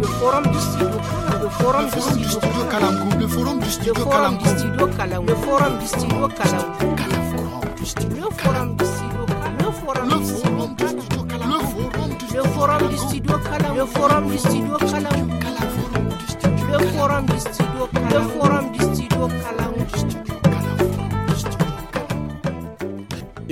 le forum du studio le forum du studio Kalamkou le forum du studio Kalamkou le forum du studio Kalamkou le forum du studio Kalamkou le forum du studio Kalamkou le forum du studio Kalamkou le forum du studio Kalamkou le forum du studio Kalamkou le forum du studio le le forum forum du du studio studio Kalamkou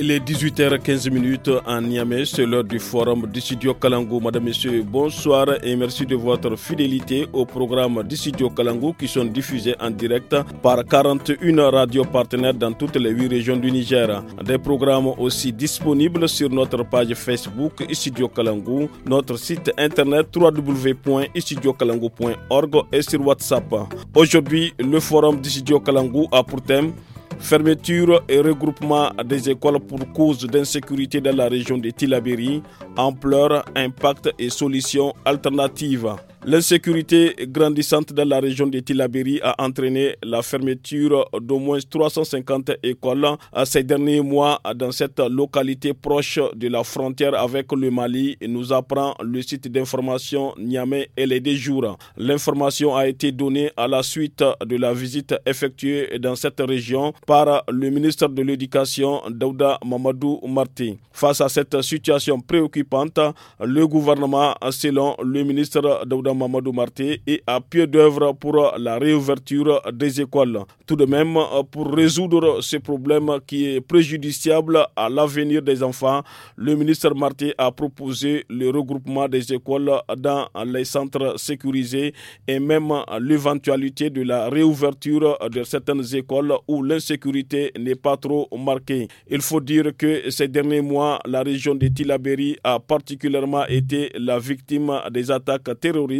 Il est 18h15 en Niamey, c'est l'heure du forum d'Issidio Kalango. Kalangou. Madame, Monsieur, bonsoir et merci de votre fidélité au programme d'Issidio studio Kalangou qui sont diffusés en direct par 41 radios partenaires dans toutes les 8 régions du Niger. Des programmes aussi disponibles sur notre page Facebook Studio Kalangou, notre site internet www.studiokalangou.org et sur WhatsApp. Aujourd'hui, le forum d'Issidio studio a pour thème Fermeture et regroupement des écoles pour cause d'insécurité dans la région de Tilabéry, ampleur, impact et solutions alternatives. L'insécurité grandissante dans la région de Tilaberi a entraîné la fermeture d'au moins 350 écoles ces derniers mois dans cette localité proche de la frontière avec le Mali, nous apprend le site d'information Niamey et les déjours. L'information a été donnée à la suite de la visite effectuée dans cette région par le ministre de l'Éducation Daouda Mamadou Marti. Face à cette situation préoccupante, le gouvernement, selon le ministre Daouda Mamadou Marté est à pied d'œuvre pour la réouverture des écoles. Tout de même, pour résoudre ce problème qui est préjudiciable à l'avenir des enfants, le ministre Marté a proposé le regroupement des écoles dans les centres sécurisés et même l'éventualité de la réouverture de certaines écoles où l'insécurité n'est pas trop marquée. Il faut dire que ces derniers mois, la région de Tilaberi a particulièrement été la victime des attaques terroristes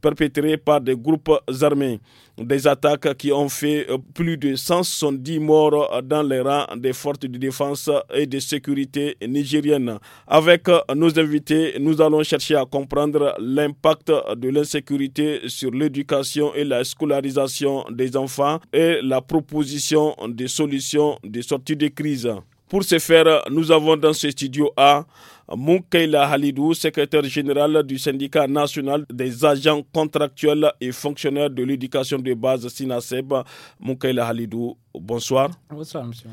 perpétrés par des groupes armés. Des attaques qui ont fait euh, plus de 170 morts dans les rangs des forces de défense et de sécurité nigériennes. Avec nos invités, nous allons chercher à comprendre l'impact de l'insécurité sur l'éducation et la scolarisation des enfants et la proposition des solutions de sortie de crise. Pour ce faire, nous avons dans ce studio A Moukaila Halidou, secrétaire général du syndicat national des agents contractuels et fonctionnaires de l'éducation de base SINASEB. Moukaila Halidou, bonsoir. Bonsoir, monsieur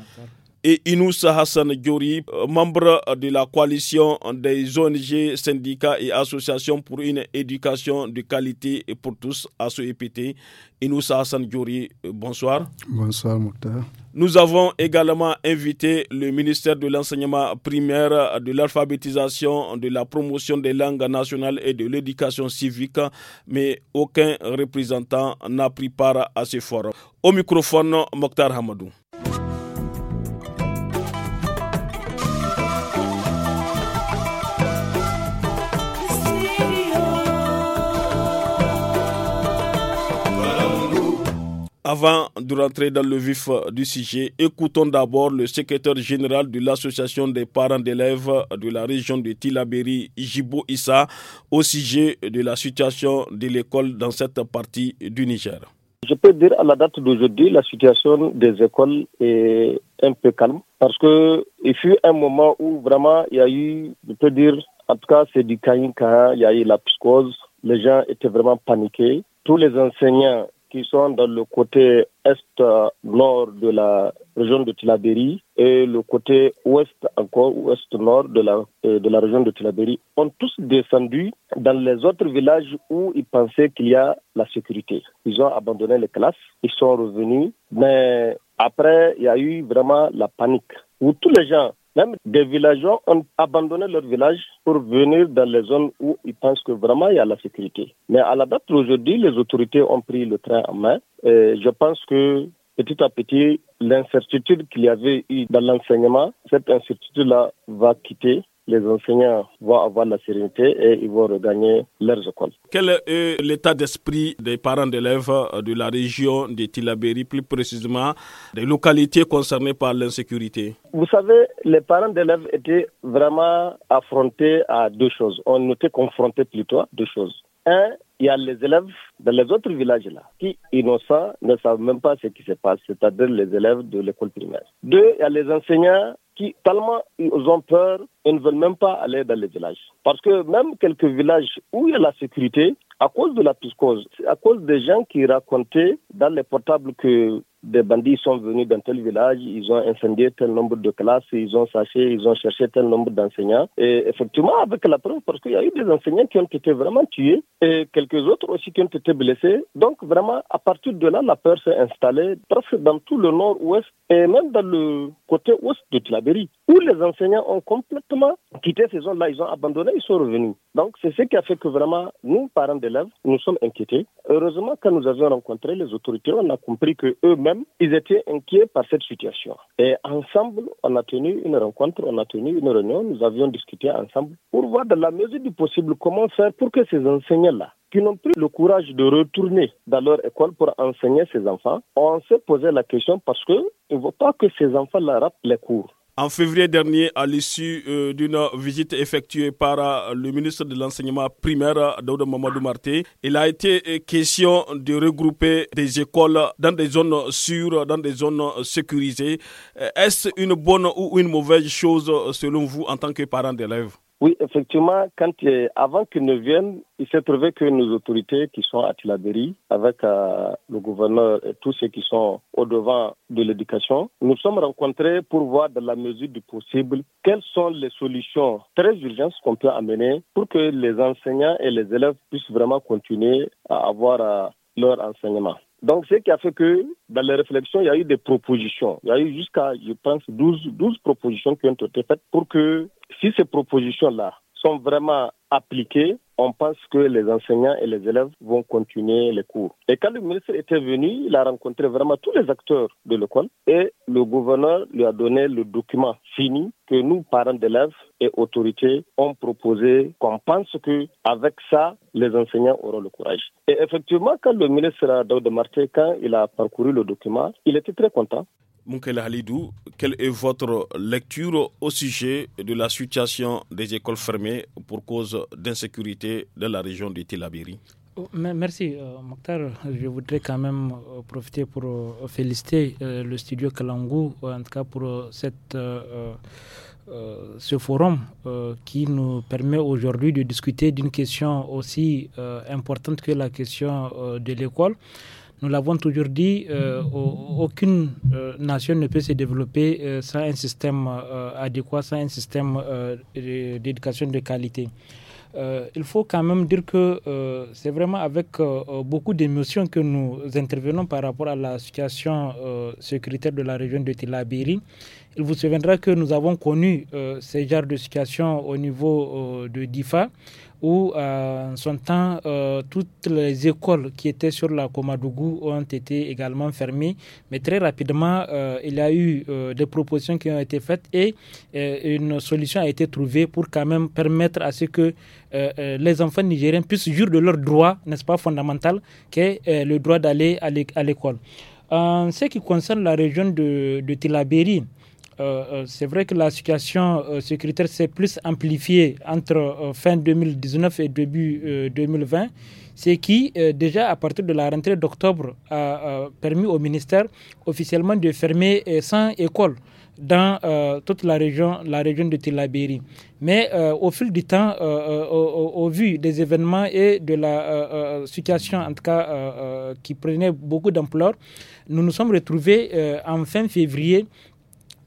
et Inous Hassan Diori, membre de la coalition des ONG, syndicats et associations pour une éducation de qualité pour tous, EPT Inous Hassan Diori, bonsoir. Bonsoir, Mokhtar. Nous avons également invité le ministère de l'enseignement primaire, de l'alphabétisation, de la promotion des langues nationales et de l'éducation civique, mais aucun représentant n'a pris part à ce forum. Au microphone, Mokhtar Hamadou. Avant de rentrer dans le vif euh, du sujet, écoutons d'abord le secrétaire général de l'Association des parents d'élèves euh, de la région de Tilaberi, ijibo Issa, au sujet de la situation de l'école dans cette partie du Niger. Je peux dire à la date d'aujourd'hui, la situation des écoles est un peu calme parce que il fut un moment où vraiment il y a eu, je peux dire, en tout cas c'est du caïn il y a eu la psychose, les gens étaient vraiment paniqués. Tous les enseignants qui sont dans le côté est-nord de la région de Tilaberi et le côté ouest encore, ouest-nord de la, euh, de la région de Tilaberi, ont tous descendu dans les autres villages où ils pensaient qu'il y a la sécurité. Ils ont abandonné les classes, ils sont revenus, mais après, il y a eu vraiment la panique où tous les gens même des villageois ont abandonné leur village pour venir dans les zones où ils pensent que vraiment il y a la sécurité. Mais à la date d'aujourd'hui, les autorités ont pris le train en main. je pense que petit à petit, l'incertitude qu'il y avait eu dans l'enseignement, cette incertitude-là va quitter les enseignants vont avoir la sérénité et ils vont regagner leurs écoles. Quel est l'état d'esprit des parents d'élèves de la région de Tilaberi, plus précisément des localités concernées par l'insécurité Vous savez, les parents d'élèves étaient vraiment affrontés à deux choses. On était confrontés plutôt à deux choses. Un, il y a les élèves dans les autres villages là qui, innocents, ne savent même pas ce qui se passe, c'est-à-dire les élèves de l'école primaire. Deux, il y a les enseignants qui tellement ils ont peur ils ne veulent même pas aller dans les villages. Parce que même quelques villages où il y a la sécurité, à cause de la psychose, à cause des gens qui racontaient dans les portables que des bandits sont venus dans tel village, ils ont incendié tel nombre de classes, ils ont saché, ils ont cherché tel nombre d'enseignants. Et effectivement, avec la preuve, parce qu'il y a eu des enseignants qui ont été vraiment tués et quelques autres aussi qui ont été blessés. Donc vraiment, à partir de là, la peur s'est installée presque dans tout le nord-ouest et même dans le côté ouest de Tlaberie, où les enseignants ont complètement quitter quitté ces zones-là, ils ont abandonné, ils sont revenus. Donc, c'est ce qui a fait que vraiment, nous, parents d'élèves, nous sommes inquiétés. Heureusement, quand nous avions rencontré les autorités, on a compris que eux-mêmes, ils étaient inquiets par cette situation. Et ensemble, on a tenu une rencontre, on a tenu une réunion, nous avions discuté ensemble pour voir dans la mesure du possible comment faire pour que ces enseignants-là, qui n'ont plus le courage de retourner dans leur école pour enseigner ces enfants, on s'est posé la question parce que ne veut pas que ces enfants-là ratent les cours. En février dernier, à l'issue euh, d'une visite effectuée par euh, le ministre de l'enseignement primaire, Daouda Mamadou Marté, il a été euh, question de regrouper des écoles dans des zones sûres, dans des zones sécurisées. Est-ce une bonne ou une mauvaise chose selon vous en tant que parent d'élèves oui, effectivement, quand, euh, avant qu'ils ne viennent, il s'est trouvé que nos autorités qui sont à Tilaberi, avec euh, le gouverneur et tous ceux qui sont au-devant de l'éducation, nous sommes rencontrés pour voir dans la mesure du possible quelles sont les solutions très urgentes qu'on peut amener pour que les enseignants et les élèves puissent vraiment continuer à avoir euh, leur enseignement. Donc, ce qui a fait que dans les réflexions, il y a eu des propositions. Il y a eu jusqu'à, je pense, 12, 12 propositions qui ont été faites pour que si ces propositions-là sont vraiment appliquées, on pense que les enseignants et les élèves vont continuer les cours. Et quand le ministre était venu, il a rencontré vraiment tous les acteurs de l'école et le gouverneur lui a donné le document fini que nous, parents d'élèves et autorités, ont proposé qu'on pense que avec ça, les enseignants auront le courage. Et effectivement, quand le ministre Daoud Marté, quand il a parcouru le document, il était très content. Moukela Halidou, quelle est votre lecture au sujet de la situation des écoles fermées pour cause d'insécurité dans la région de Tilabiri oh, Merci, euh, Mokhtar. Je voudrais quand même euh, profiter pour euh, féliciter le studio Kalangou, en tout cas pour cette, ce forum qui nous permet aujourd'hui de discuter d'une question aussi importante que la question de l'école. Nous l'avons toujours dit, euh, aucune euh, nation ne peut se développer euh, sans un système adéquat, sans un système d'éducation de qualité. il faut quand même dire que c'est vraiment avec beaucoup d'émotion que nous intervenons par rapport à la situation sécuritaire de la région de Tilabiri. Il vous souviendra que nous avons connu ces genres de situation au niveau de DIFA où euh, en son temps, euh, toutes les écoles qui étaient sur la Komadougou ont été également fermées. Mais très rapidement, euh, il y a eu des propositions qui ont été faites et une solution a été trouvée pour quand même permettre à ce que les enfants nigériens puissent jurer de leur droit, n'est-ce pas, fondamental, est le droit d'aller à l'école. En ce qui concerne la région de, de euh, euh, c'est vrai que la situation secrétaire euh, sécuritaire s'est plus amplifiée entre fin 2019 et début 2020, ce qui, déjà à partir de la rentrée d'octobre, a permis au ministère officiellement de fermer 100 écoles dans toute la région, la région de Tillabéri Mais au fil du temps, au, au, vu des événements et de la situation, en tout cas, qui prenait beaucoup d'ampleur, nous nous sommes retrouvés en fin février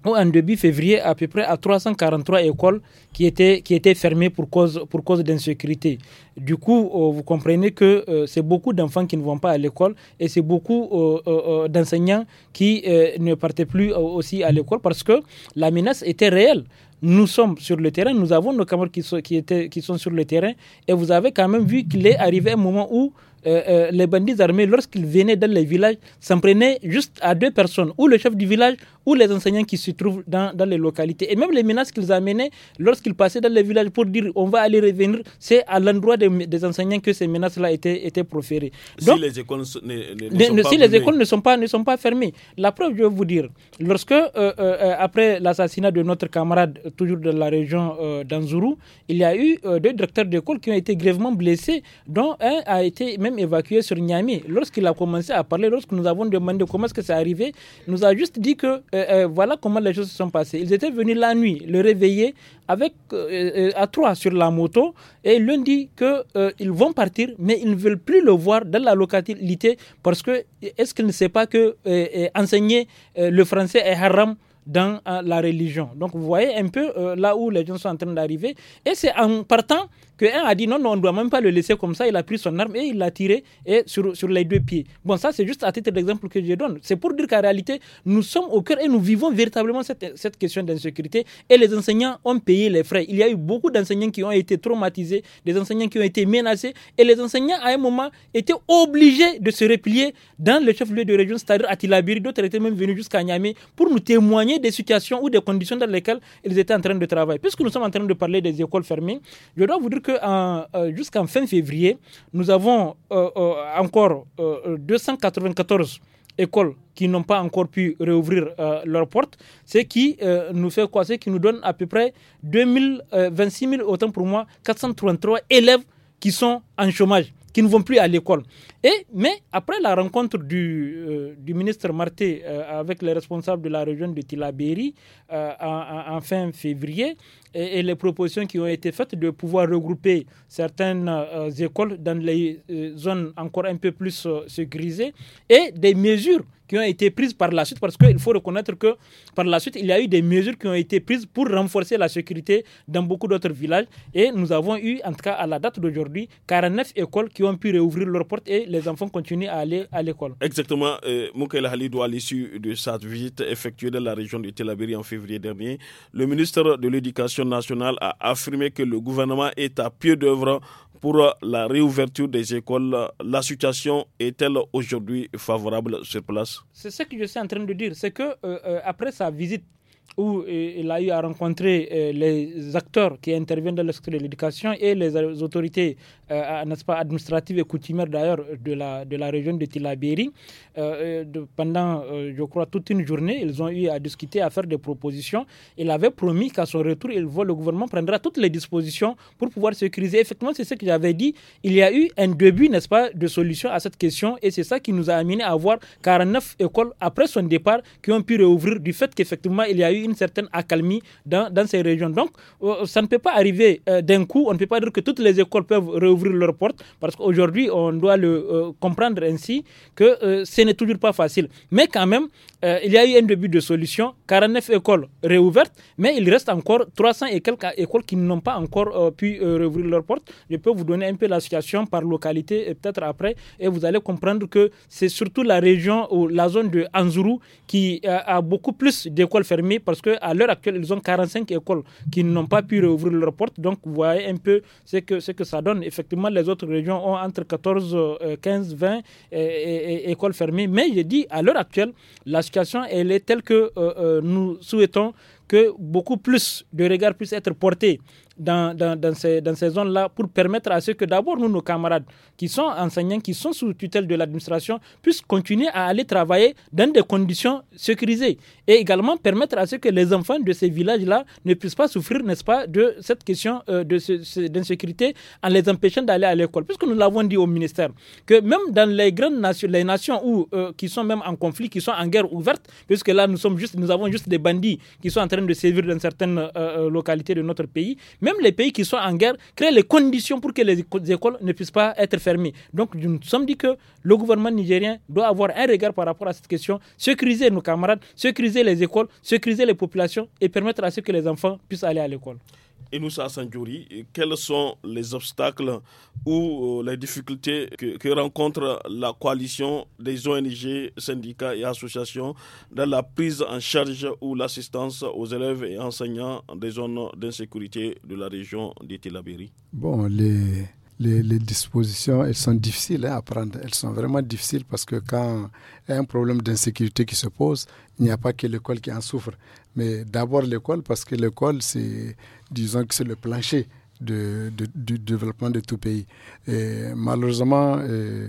en début février, à peu près à 343 écoles qui étaient, qui étaient fermées pour cause, pour cause d'insécurité. Du coup, euh, vous comprenez que euh, c'est beaucoup d'enfants qui ne vont pas à l'école et c'est beaucoup euh, d'enseignants qui ne partaient plus aussi à l'école parce que la menace était réelle nous sommes sur le terrain, nous avons nos camarades qui sont, qui, étaient, qui sont sur le terrain, et vous avez quand même vu qu'il est arrivé un moment où les bandits armés, lorsqu'ils venaient dans les villages, s'en prenaient juste à deux personnes, ou le chef du village les enseignants qui se trouvent dans, dans les localités. Et même les menaces qu'ils amenaient lorsqu'ils passaient dans les villages pour dire on va aller revenir, c'est à l'endroit des, enseignants que ces menaces-là étaient, étaient proférées. Donc, si les écoles, ne, ne, sont, pas les écoles ne, sont, pas ne, sont pas, fermées. La preuve, je vais vous dire, lorsque, euh, euh, euh, après l'assassinat de notre camarade, toujours de la région d'Anzuru, il y a eu deux directeurs d'école qui ont été grèvement blessés, dont un a été même évacué sur Niamey. Lorsqu'il a commencé à parler, lorsque nous avons demandé comment est-ce que c'est arrivé, nous a juste dit que euh, euh, voilà comment les choses se sont passées. Ils étaient venus la nuit le réveiller avec euh, à trois sur la moto et lundi dit que ils vont partir, mais ils ne veulent plus le voir dans la localité parce que est-ce qu'il ne sait pas que enseigner le français est haram dans la religion. Donc vous voyez un peu là où les gens sont en train d'arriver et c'est en partant que a dit non, non, on ne doit même pas le laisser comme ça. Il a pris son arme et il l'a tiré et sur, sur les deux pieds. Bon, ça, c'est juste à titre d'exemple que je donne. C'est pour dire qu'en réalité, nous sommes au cœur et nous vivons véritablement cette, cette question d'insécurité et les enseignants ont payé les frais. Il y a eu beaucoup d'enseignants qui ont été traumatisés, des enseignants qui ont été menacés et les enseignants, à un moment, étaient obligés de se replier dans le chef-lieu de région, c'est-à-dire à Tilabiri. D'autres étaient même venus jusqu'à Niamey pour nous témoigner des situations ou des conditions dans lesquelles ils étaient en train de travailler. Puisque nous sommes en train de parler des écoles fermées, je dois vous dire que euh, jusqu'en fin février, nous avons euh, euh, encore 294 écoles qui n'ont pas encore pu réouvrir leurs portes, ce qui nous fait quoi qui nous donne à peu près 2000, 26 000, autant pour moi, 433 élèves qui sont en chômage qui ne vont plus à l'école. Et mais après la rencontre du, ministre Marté avec les responsables de la région de Tilabéry en, fin février, et, les propositions qui ont été faites de pouvoir regrouper certaines euh, écoles dans les euh, zones encore un peu plus euh, et des mesures qui ont été prises par la suite, parce qu'il faut reconnaître que par la suite, il y a eu des mesures qui ont été prises pour renforcer la sécurité dans beaucoup d'autres villages. Et nous avons eu, en tout cas à la date d'aujourd'hui, 49 écoles qui ont pu réouvrir leurs portes et les enfants continuent à aller à l'école. Exactement. Euh, Halidou, à l'issue de sa visite effectuée dans la région de Tel en février dernier, le ministre de l'Éducation nationale a affirmé que le gouvernement est à pied d'œuvre pour la réouverture des écoles. La situation est-elle aujourd'hui favorable sur place C'est ce que je suis en train de dire. C'est que euh, euh, après sa visite où il a eu à rencontrer euh, les acteurs qui interviennent dans le secteur de l'éducation et les euh, autorités, euh, pas, administratives et coutumières d'ailleurs de la, de la région de Tilaberi. Euh, pendant, je crois, toute une journée, ils ont eu à discuter, à faire des propositions. Il avait promis qu'à son retour, il voit, le gouvernement prendra toutes les dispositions pour pouvoir sécuriser. Effectivement, c'est ce que j'avais dit. Il y a eu un début, n'est-ce pas, de solution à cette question et c'est ça qui nous a amené à voir 49 écoles après son départ qui ont pu réouvrir du fait qu'effectivement, il y a eu une certaine accalmie dans, dans ces régions. Donc, euh, ça ne peut pas arriver euh, d'un coup. On ne peut pas dire que toutes les écoles peuvent réouvrir leurs portes parce qu'aujourd'hui, on doit le euh, comprendre ainsi que ce n'est toujours pas facile. Mais quand même, il y a eu un début de solution. 49 écoles réouvertes, mais il reste encore 300 et quelques écoles qui n'ont pas encore pu réouvrir leurs portes. Je peux vous donner un peu la situation par localité et peut-être après, et vous allez comprendre que c'est surtout la région ou la zone de Anzuru qui a beaucoup plus d'écoles fermées parce qu'à l'heure actuelle, ils ont 45 écoles qui n'ont pas pu rouvrir leurs portes. Donc, vous voyez un peu ce que, ça donne. Effectivement, les autres régions ont entre 14, 15, 20 écoles fermées. Mais je dis, à l'heure actuelle, la situation, elle est telle que euh, euh, nous souhaitons que beaucoup plus de regards puissent être portés dans, dans, ces, dans ces zones-là pour permettre à ceux que d'abord nous, nos camarades qui sont enseignants, qui sont sous tutelle de l'administration, puissent continuer à aller travailler dans des conditions sécurisées et également permettre à ceux que les enfants de ces villages-là ne puissent pas souffrir, n'est-ce pas, de cette question euh, d'insécurité en les empêchant d'aller à l'école. Puisque nous l'avons dit au ministère, que même dans les grandes nations, les nations où, euh, qui sont même en conflit, qui sont en guerre ouverte, puisque là nous, sommes juste, nous avons juste des bandits qui sont en train de sévir dans certaines euh, localités de notre pays, mais même les pays qui sont en guerre créent les conditions pour que les écoles ne puissent pas être fermées. Donc nous sommes dit que le gouvernement nigérien doit avoir un regard par rapport à cette question, sécuriser nos camarades, sécuriser les écoles, sécuriser les populations et permettre à ce que les enfants puissent aller à l'école. Enoussa Sanjouri, quels sont les obstacles ou euh, les difficultés que, rencontre la coalition des ONG, syndicats et associations dans la prise en charge ou l'assistance aux élèves et enseignants des zones d'insécurité de la région de Bon, les les, dispositions, elles sont difficiles hein, à prendre. Elles sont vraiment difficiles parce que quand il y a un problème d'insécurité qui se pose, il n'y a pas que l'école qui en souffre. Mais d'abord l'école, parce que l'école, c'est, disons que c'est le plancher du développement de tout pays. malheureusement, euh,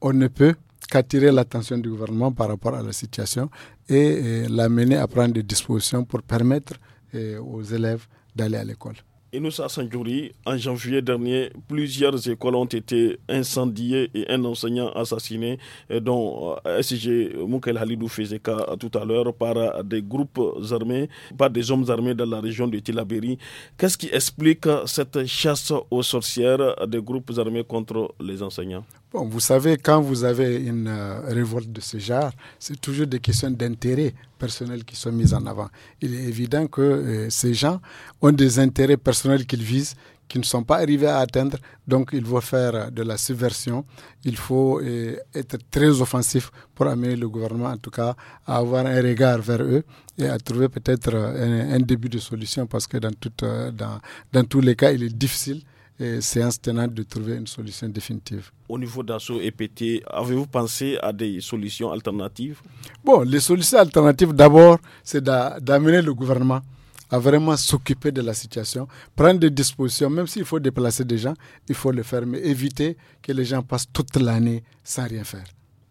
on ne peut qu'attirer l'attention du gouvernement par rapport à la situation et l'amener à prendre des dispositions pour permettre euh, aux élèves d'aller à l'école. Inoussa Sanjouri, en janvier dernier, plusieurs écoles ont été incendiées et un enseignant assassiné, euh, dont euh, SG Moukel Halidou faisait cas tout à l'heure, par des groupes armés, par des hommes armés dans la région de Tilaberi. Qu'est-ce qui explique cette chasse aux sorcières des groupes armés contre les enseignants Bon, vous savez, quand vous avez une euh, révolte de ce genre, c'est toujours des questions d'intérêt personnel qui sont mises en avant. Il est évident que euh, ces gens ont des intérêts personnels qu'ils visent, qui ne sont pas arrivés à atteindre. Donc, il faut faire euh, de la subversion. Il faut être très offensif pour amener le gouvernement, en tout cas, à avoir un regard vers eux et à trouver peut-être un, début de solution parce que dans, toute, dans, dans tous les cas, il est difficile séance tenante de trouver une solution définitive. Au niveau d'assaut e et PT, avez-vous pensé à des solutions alternatives Bon, les solutions alternatives, d'abord, c'est d'amener le gouvernement à vraiment s'occuper de la situation, prendre des dispositions, même s'il faut déplacer des gens, il faut le faire, mais éviter que les gens passent toute l'année sans rien faire.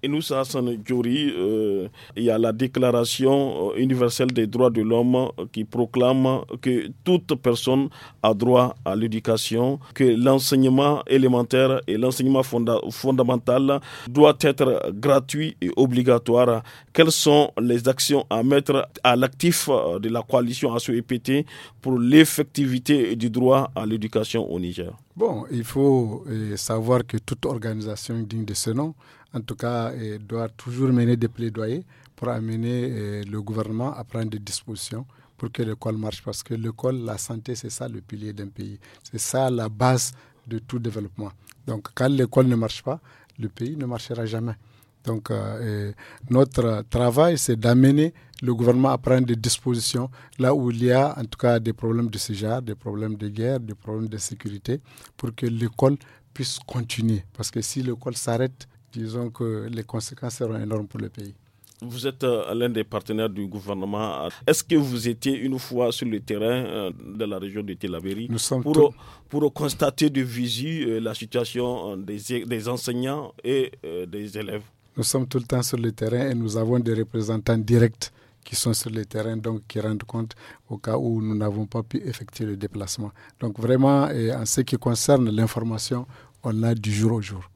Nous, à San euh, il y a la Déclaration euh, universelle des droits de l'homme euh, qui proclame que toute personne a droit à l'éducation, que l'enseignement élémentaire et l'enseignement fondamental doivent être gratuit et obligatoire. Quelles sont les actions à mettre à l'actif euh, de la coalition ASOEPT pour l'effectivité du droit à l'éducation au Niger Bon, il faut savoir que toute organisation digne de ce nom en tout cas, euh, doit toujours mener des plaidoyers pour amener euh, le gouvernement à prendre des dispositions pour que l'école marche. Parce que l'école, la santé, c'est ça le pilier d'un pays. C'est ça la base de tout développement. Donc, quand l'école ne marche pas, le pays ne marchera jamais. Donc, euh, notre travail, c'est d'amener le gouvernement à prendre des dispositions là où il y a, en tout cas, des problèmes de ce genre, des problèmes de guerre, des problèmes de sécurité, pour que l'école puisse continuer. Parce que si l'école s'arrête, disons que les conséquences seront énormes pour le pays. Vous êtes euh, l'un des partenaires du gouvernement. Est-ce que vous étiez une fois sur le terrain euh, de la région de Telabéry pour, pour constater de visu euh, la situation des, enseignants et des élèves Nous sommes tout le temps sur le terrain et nous avons des représentants directs qui sont sur le terrain, donc qui rendent compte au cas où nous n'avons pas pu effectuer le déplacement. Donc vraiment, en ce qui concerne l'information, on a du jour au jour.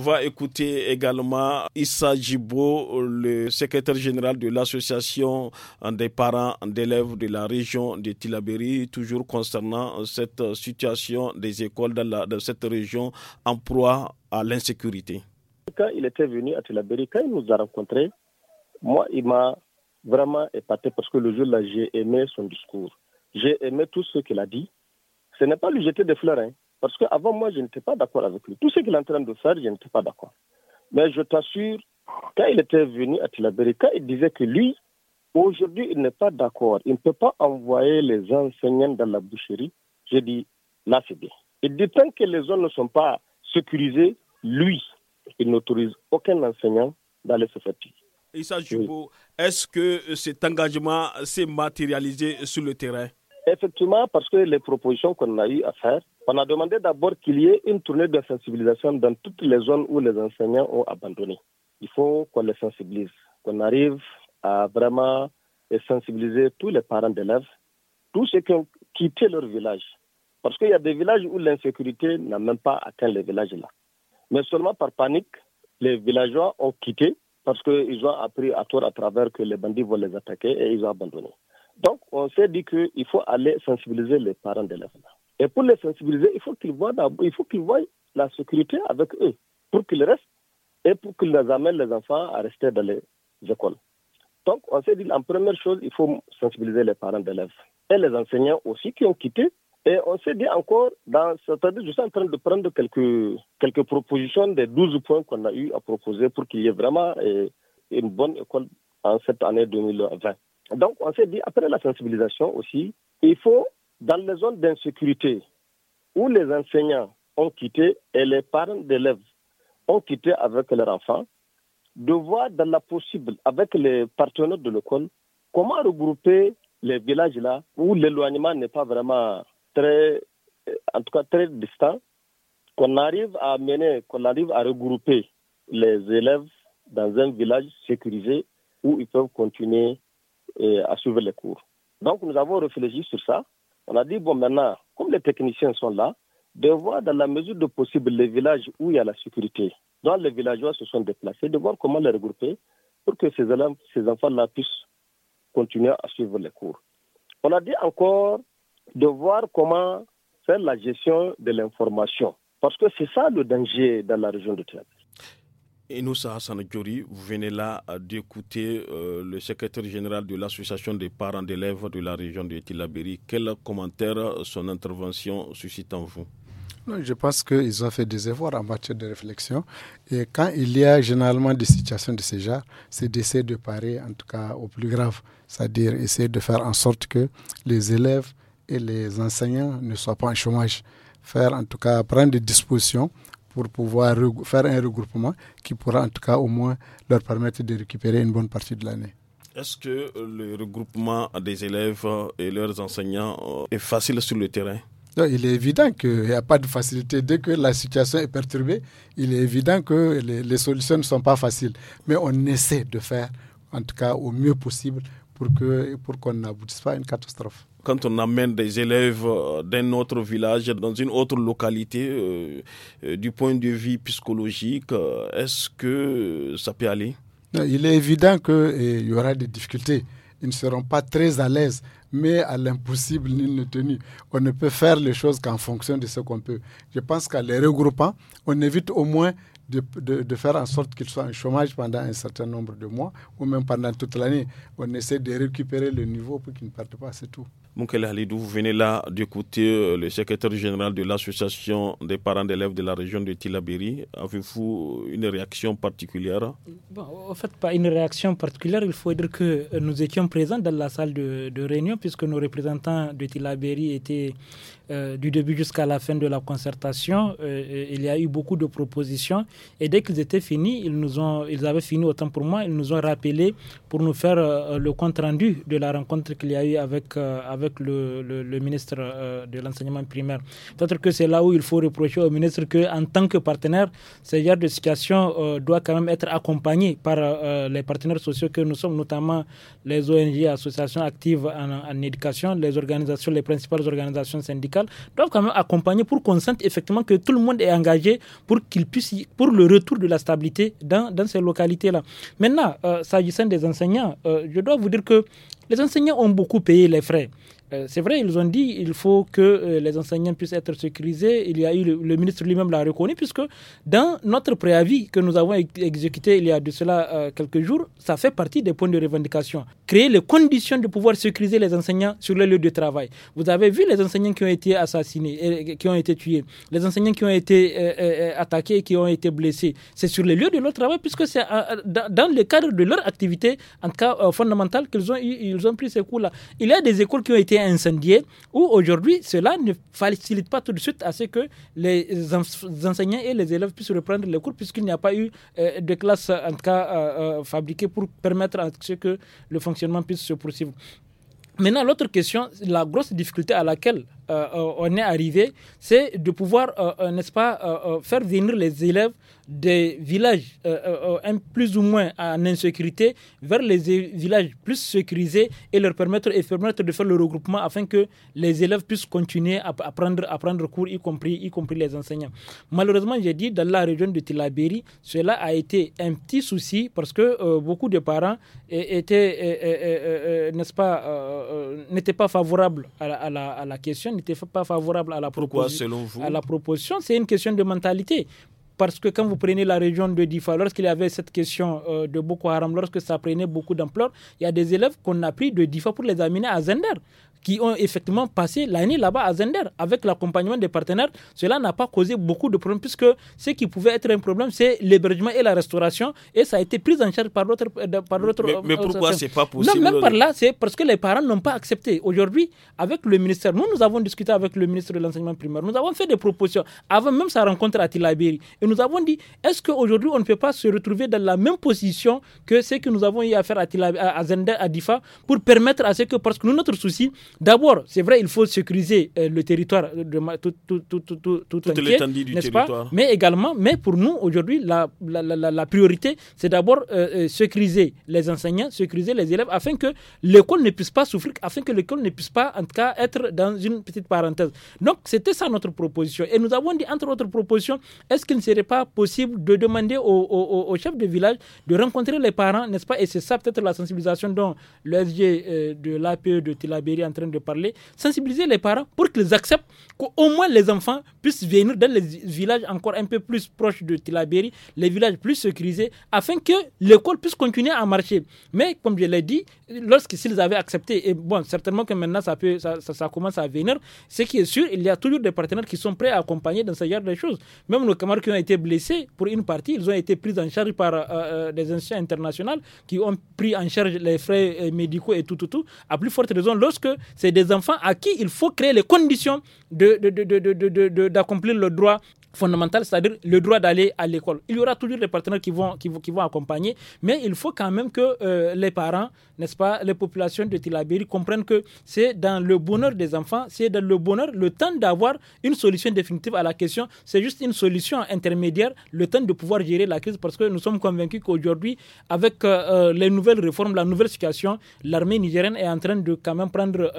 va écouter également Issa Jibo, le secrétaire général de l'association des parents d'élèves de la région de Tilaberi, toujours concernant cette situation des écoles dans, cette région en proie à l'insécurité. Quand il était venu à Tilaberi, quand il nous a rencontrés, moi, il m'a vraiment épaté parce que le jour-là, j'ai aimé son discours. J'ai aimé tout ce qu'il a dit. Ce n'est pas lui jeter des fleurs, hein. Parce qu'avant moi, je n'étais pas d'accord avec lui. Tout ce qu'il est en train de faire, je n'étais pas d'accord. Mais je t'assure, quand il était venu à Tilabérica, il disait que lui, aujourd'hui, il n'est pas d'accord. Il ne peut pas envoyer les enseignants dans la boucherie. J'ai dit, là, c'est bien. Et dit, tant que les zones ne sont pas sécurisées, lui, il n'autorise aucun enseignant d'aller se fatiguer. Issa est-ce que cet engagement s'est matérialisé sur le terrain Effectivement, parce que les propositions qu'on a eu à faire, on a demandé d'abord qu'il y ait une tournée de sensibilisation dans toutes les zones où les enseignants ont abandonné. Il faut qu'on les sensibilise, qu'on arrive à vraiment sensibiliser tous les parents d'élèves, tous ceux qui ont quitté leur village. Parce qu'il y a des villages où l'insécurité n'a même pas atteint les villages-là. Mais seulement par panique, les villageois ont quitté parce qu'ils ont appris à tort à travers que les bandits vont les attaquer et ils ont abandonné. Donc, on s'est dit qu'il faut aller sensibiliser les parents d'élèves. Et pour les sensibiliser, il faut qu'ils voient, il qu'ils voient la sécurité avec eux pour qu'ils restent et pour qu'ils amènent les enfants à rester dans les écoles. Donc, on s'est dit, en première chose, il faut sensibiliser les parents d'élèves et les enseignants aussi qui ont quitté. Et on s'est dit encore, dans, ce je suis en train de prendre quelques, quelques propositions des 12 points qu'on a eu à proposer pour qu'il y ait vraiment eh, une bonne école en cette année 2020. Donc, on s'est dit, après la sensibilisation aussi, il faut, dans les zones d'insécurité, où les enseignants ont quitté et les parents d'élèves ont quitté avec leurs enfants, de voir dans la possible, avec les partenaires de l'école, comment regrouper les villages là où l'éloignement n'est pas vraiment très, euh, en tout cas très distant, qu'on arrive à mener, qu'on arrive à regrouper les élèves dans un village sécurisé où ils peuvent continuer et à suivre les cours. Donc nous avons réfléchi sur ça. On a dit, bon, maintenant, comme les techniciens sont là, de voir dans la mesure de possible les villages où il y a la sécurité, dont les villageois se sont déplacés, de voir comment les regrouper pour que ces, enfants-là puissent continuer à suivre les cours. On a dit encore de voir comment faire la gestion de l'information, parce que c'est ça le danger dans la région de Terre. Nous Hassan vous venez là euh, d'écouter euh, le secrétaire général de l'association des parents d'élèves de la région de Tilabéry. Quel commentaire euh, son intervention suscite en vous je pense qu'ils ont fait des efforts en matière de réflexion. Et quand il y a généralement des situations de ce genre, c'est d'essayer de parer, en tout cas, au plus grave. C'est-à-dire essayer de faire en sorte que les élèves et les enseignants ne soient pas en chômage. Faire, en tout cas, prendre des dispositions pour pouvoir faire un regroupement qui pourra en tout cas au moins leur permettre de récupérer une bonne partie de l'année. Est-ce que le regroupement des élèves et leurs enseignants euh, est facile sur le terrain il est évident qu'il n'y a pas de facilité. Dès que la situation est perturbée, il est évident que les, solutions ne sont pas faciles. Mais on essaie de faire, en tout cas, au mieux possible pour que pour qu'on n'aboutisse pas à une catastrophe quand on amène des élèves euh, d'un autre village, dans une autre localité, euh, euh, du point de vue psychologique, est-ce que ça peut aller Il est évident qu'il y aura des difficultés. Ils ne seront pas très à l'aise, mais à l'impossible, ni ne tenu. On ne peut faire les choses qu'en fonction de ce qu'on peut. Je pense qu'en les regroupant, on évite au moins de, de, faire en sorte qu'ils soient en chômage pendant un certain nombre de mois ou même pendant toute l'année. On essaie de récupérer le niveau pour qu'ils ne partent pas, c'est tout. Moukele Halidou, vous venez là d'écouter euh, le secrétaire général de l'association des parents d'élèves de la région de Tilabéri. Avez-vous une réaction particulière En fait, pas une réaction particulière. Il faut dire que euh, nous étions présents dans la salle de, réunion puisque nos représentants de Tilabéri étaient euh, du début jusqu'à la fin de la concertation, euh, euh, il y a eu beaucoup de propositions. Et dès qu'ils étaient finis, ils, nous ont, ils avaient fini autant pour moi, ils nous ont rappelé pour nous faire le compte-rendu de la rencontre qu'il y a eu avec, avec le, ministre de l'enseignement primaire. Peut-être que c'est là où il faut reprocher au ministre qu'en tant que partenaire, ce genre de situation doit quand même être accompagné par les partenaires sociaux que nous sommes, notamment les ONG, associations actives en, en éducation, les organisations, les principales organisations syndicales doivent quand même accompagner pour qu'on sente effectivement que tout le monde est engagé pour qu'il puisse pour le retour de la stabilité dans, ces localités là. Maintenant, euh, s'agissant des enseignants, euh, je dois vous dire que les enseignants ont beaucoup payé les frais. Euh, c'est vrai, ils ont dit il faut que euh, les enseignants puissent être sécurisés. Il y a eu le, ministre lui-même l'a reconnu puisque dans notre préavis que nous avons exécuté il y a de cela euh, quelques jours, ça fait partie des points de revendication. Créer les conditions de pouvoir sécuriser les enseignants sur les lieu de travail. Vous avez vu les enseignants qui ont été assassinés, et, qui ont été tués, les enseignants qui ont été attaqués et qui ont été blessés. C'est sur les lieux de leur travail puisque c'est dans le cadre de leur activité, en cas fondamentale, qu'ils ont, ils ont pris ces coups-là. Il y a des écoles qui ont été incendié, où aujourd'hui, cela ne facilite pas tout de suite à ce que les enseignants et les élèves puissent reprendre les cours, puisqu'il n'y a pas eu euh, de classe, en tout cas, fabriquées euh, euh, fabriquée pour permettre à ce que le fonctionnement puisse se poursuivre. Maintenant, l'autre question, la grosse difficulté à laquelle euh, euh, on est arrivé, c'est de pouvoir, euh, n'est-ce pas, faire venir les élèves des villages un plus ou moins en insécurité vers les villages plus sécurisés et leur permettre, et permettre de faire le regroupement afin que les élèves puissent continuer à, prendre, à prendre cours, y compris, y compris les enseignants. Malheureusement, j'ai dit, dans la région de Tilaberi, cela a été un petit souci parce que beaucoup de parents étaient, n'est-ce pas, n'étaient pas favorables à la, à la question n'était pas favorable à la, à la proposition. C'est une question de mentalité parce que quand vous prenez la région de Difa, lorsqu'il y avait cette question euh, de Boko Haram, lorsque ça prenait beaucoup d'ampleur, il y a des élèves qu'on a pris de Difa pour les amener à Zender qui ont effectivement passé l'année là-bas à Zender avec l'accompagnement des partenaires. Cela n'a pas causé beaucoup de problèmes puisque ce qui pouvait être un problème, c'est l'hébergement et la restauration et ça a été pris en charge par l'autre. Euh, par mais, mais pourquoi c'est pas possible Non, même par là, c'est parce que les parents n'ont pas accepté. Aujourd'hui, avec le ministère, nous, nous avons discuté avec le ministre de l'enseignement primaire, nous avons fait des propositions avant même sa rencontre à Tilaberi et nous avons dit est-ce qu'aujourd'hui on ne peut pas se retrouver dans la même position que ce que nous avons eu à faire à, à Zender, à Difa pour permettre à ce que, parce que nous, notre souci, D'abord, c'est vrai, il faut sécuriser euh, le territoire, de, tout, tout, tout, tout l'étendue territoire. Pas mais également, mais pour nous, aujourd'hui, la, priorité, c'est d'abord euh, euh, sécuriser les enseignants, sécuriser les élèves, afin que l'école ne puisse pas souffrir, afin que l'école ne puisse pas, en tout cas, être dans une petite parenthèse. Donc, c'était ça notre proposition. Et nous avons dit, entre autres propositions, est-ce qu'il ne serait pas possible de demander aux au, au, chefs de village de rencontrer les parents, n'est-ce pas Et c'est ça peut-être la sensibilisation dont le SG de l'APE de Tilabéry, de parler, sensibiliser les parents pour qu'ils acceptent qu'au moins les enfants puissent venir dans les villages encore un peu plus proches de Tilaberi, les villages plus sécurisés, afin que l'école puisse continuer à marcher. Mais comme je l'ai dit, s'ils avaient accepté, et bon, certainement que maintenant ça, peut, ça, commence à venir, ce qui est sûr, il y a toujours des partenaires qui sont prêts à accompagner dans ce genre de choses. Même nos camarades qui ont été blessés, pour une partie, ils ont été pris en charge par euh, euh, des institutions internationales qui ont pris en charge les frais euh, médicaux et tout, tout, tout. À plus forte raison, lorsque c'est des enfants à qui il faut créer les conditions d'accomplir de, le droit c'est-à-dire le droit d'aller à l'école. Il y aura toujours des partenaires qui vont, qui vont, qui vont accompagner, mais il faut quand même que euh, les parents, n'est-ce pas, les populations de Tilabéry comprennent que c'est dans le bonheur des enfants, c'est dans le bonheur, le temps d'avoir une solution définitive à la question, c'est juste une solution intermédiaire, le temps de pouvoir gérer la crise, parce que nous sommes convaincus qu'aujourd'hui, avec euh, euh, les nouvelles réformes, la nouvelle situation, l'armée nigérienne est en train de quand même prendre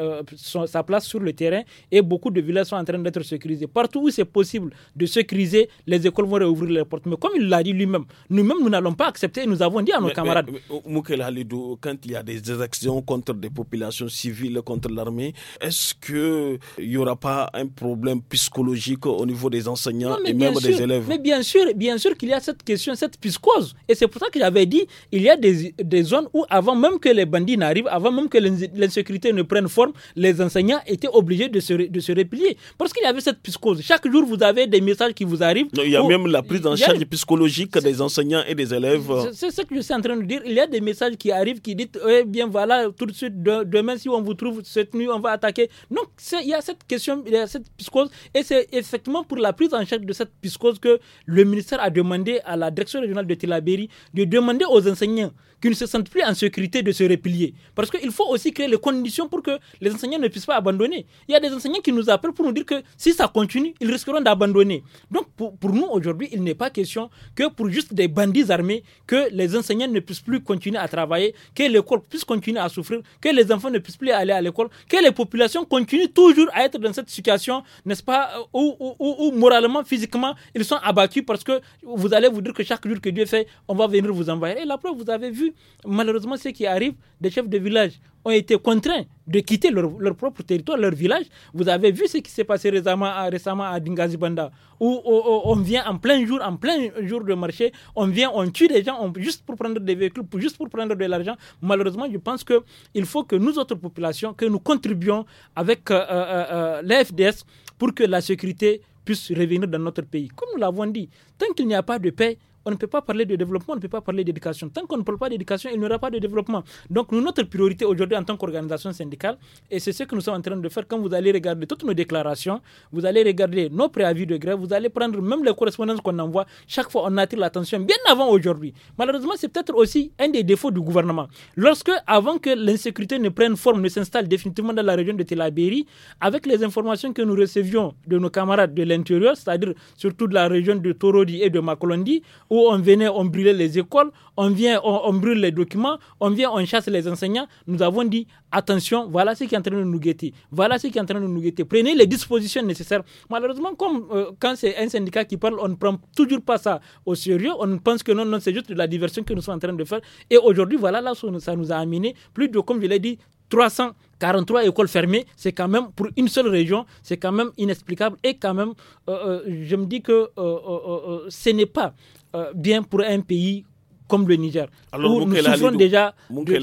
sa place sur le terrain et beaucoup de villages sont en train d'être sécurisés. Partout où c'est possible de se Crisé, les écoles vont réouvrir les portes. Mais comme il l'a dit lui-même, nous-mêmes, nous n'allons pas accepter nous avons dit à nos camarades. Euh, Halidou, quand il y a des actions contre des populations civiles, contre l'armée, est-ce qu'il n'y euh, aura pas un problème psychologique au niveau des enseignants et même des élèves Mais bien sûr, bien sûr qu'il y a cette question, cette psychose. Et c'est pour ça que j'avais dit, il y a des, zones où avant même que les bandits n'arrivent, avant même que l'insécurité ne prenne forme, les enseignants étaient obligés de se, de se replier. Parce qu'il y avait cette psychose. Chaque jour, vous avez des messages qui vous arrive. il y a même la prise en charge psychologique des enseignants et des élèves. C'est ce que je suis en train de dire. Il y a des messages qui arrivent qui disent Eh bien voilà, tout de suite, demain, si on vous trouve cette nuit, on va attaquer. Donc, il y a cette question, il y a cette psychose. Et c'est effectivement pour la prise en charge de cette psychose que le ministère a demandé à la direction régionale de Tilaberi de demander aux enseignants qu'ils ne se sentent plus en sécurité de se replier. Parce qu'il faut aussi créer les conditions pour que les enseignants ne puissent pas abandonner. Il y a des enseignants qui nous appellent pour nous dire que si ça continue, ils risqueront d'abandonner. Donc pour, nous aujourd'hui, il n'est pas question que pour juste des bandits armés, que les enseignants ne puissent plus continuer à travailler, que l'école puisse continuer à souffrir, que les enfants ne puissent plus aller à l'école, que les populations continuent toujours à être dans cette situation, n'est-ce pas, où, moralement, physiquement, ils sont abattus parce que vous allez vous dire que chaque jour que Dieu fait, on va venir vous envoyer Et la preuve, vous avez vu malheureusement ce qui arrive des chefs de village ont été contraints de quitter leur, propre territoire, leur village. Vous avez vu ce qui s'est passé récemment à, récemment à Dingazibanda, où, on vient en plein jour, en plein jour de marché, on vient, on tue des gens juste pour prendre des véhicules, pour, juste pour prendre de l'argent. Malheureusement, je pense qu'il faut que nous autres populations, que nous contribuions avec euh, euh, euh, l'AFDS pour que la sécurité puisse revenir dans notre pays. Comme nous l'avons dit, tant qu'il n'y a pas de paix, on ne peut pas parler de développement, on ne peut pas parler d'éducation. Tant qu'on ne parle pas d'éducation, il n'y aura pas de développement. Donc, notre priorité aujourd'hui en tant qu'organisation syndicale, et c'est ce que nous sommes en train de faire quand vous allez regarder toutes nos déclarations, vous allez regarder nos préavis de grève, vous allez prendre même les correspondances qu'on envoie. Chaque fois, on attire l'attention bien avant aujourd'hui. Malheureusement, c'est peut-être aussi un des défauts du gouvernement. Lorsque, avant que l'insécurité ne prenne forme, ne s'installe définitivement dans la région de Telabéry, avec les informations que nous recevions de nos camarades de l'intérieur, c'est-à-dire surtout de la région de Torodi et de Makolondi, où on venait, on brûlait les écoles, on vient, on, brûle les documents, on vient, on chasse les enseignants. Nous avons dit, attention, voilà ce qui est en train de nous guetter. Voilà ce qui est en train de nous guetter. Prenez les dispositions nécessaires. Malheureusement, comme euh, quand c'est un syndicat qui parle, on ne prend toujours pas ça au sérieux. On pense que non, non, c'est juste de la diversion que nous sommes en train de faire. Et aujourd'hui, voilà là, où ça nous a amené plus de, comme je l'ai dit, 343 écoles fermées, c'est quand même pour une seule région, c'est quand même inexplicable et quand même, euh, euh, je me dis que ce n'est pas euh, bien pour un pays comme le Niger. Alors, où nous déjà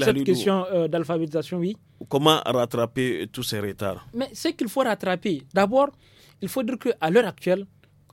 cette question euh, d'alphabétisation, oui. Comment rattraper tous ces retards Mais ce qu'il faut rattraper, d'abord, il faut dire qu'à l'heure actuelle,